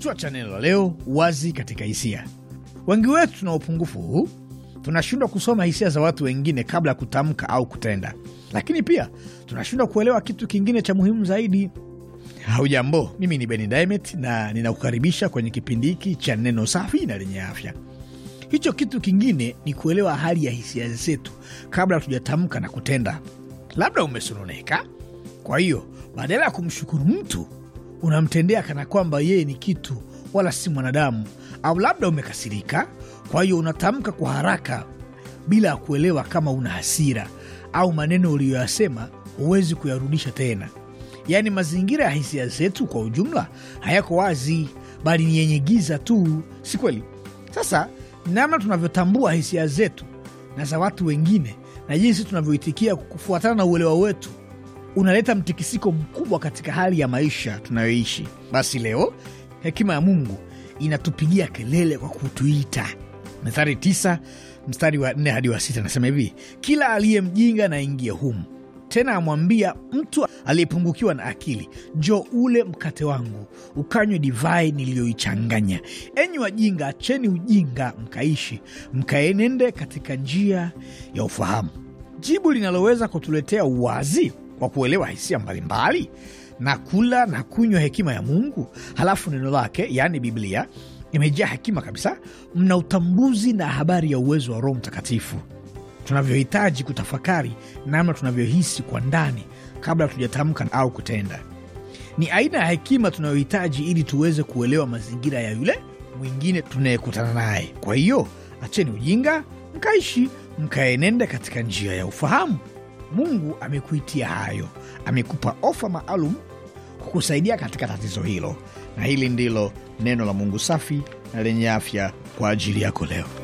Kichwa cha neno la leo: wazi katika hisia. Wengi wetu tuna upungufu huu, tunashindwa kusoma hisia za watu wengine kabla ya kutamka au kutenda, lakini pia tunashindwa kuelewa kitu kingine cha muhimu zaidi. Hujambo, mimi ni Beni Dimet na ninakukaribisha kwenye kipindi hiki cha neno safi na lenye afya. Hicho kitu kingine ni kuelewa hali ya hisia zetu kabla hatujatamka na kutenda. Labda umesononeka, kwa hiyo badala ya kumshukuru mtu unamtendea kana kwamba yeye ni kitu wala si mwanadamu, au labda umekasirika, kwa hiyo unatamka kwa haraka bila ya kuelewa kama una hasira au maneno uliyoyasema huwezi kuyarudisha tena. Yaani, mazingira ya hisia zetu kwa ujumla hayako wazi, bali ni yenye giza tu, si kweli? Sasa namna tunavyotambua hisia zetu na za watu wengine na jinsi tunavyoitikia kufuatana na uelewa wetu unaleta mtikisiko mkubwa katika hali ya maisha tunayoishi. Basi leo hekima ya Mungu inatupigia kelele kwa kutuita. Methali tisa mstari wa nne hadi wa sita nasema hivi: kila aliye mjinga na ingie humu, tena amwambia mtu aliyepungukiwa na akili, njo ule mkate wangu, ukanywe divai niliyoichanganya. Enyi wajinga, acheni ujinga, mkaishi, mkaenende katika njia ya ufahamu. Jibu linaloweza kutuletea uwazi wa kuelewa hisia mbalimbali na kula na kunywa hekima ya Mungu. Halafu neno lake, yaani Biblia, imejaa hekima kabisa. Mna utambuzi na habari ya uwezo wa Roho Mtakatifu, tunavyohitaji kutafakari namna tunavyohisi kwa ndani kabla tujatamka au kutenda. Ni aina ya hekima tunayohitaji ili tuweze kuelewa mazingira ya yule mwingine tunayekutana naye. Kwa hiyo acheni ujinga, mkaishi mkaenende katika njia ya ufahamu. Mungu amekuitia hayo, amekupa ofa maalum kukusaidia katika tatizo hilo, na hili ndilo neno la Mungu safi na lenye afya kwa ajili yako leo.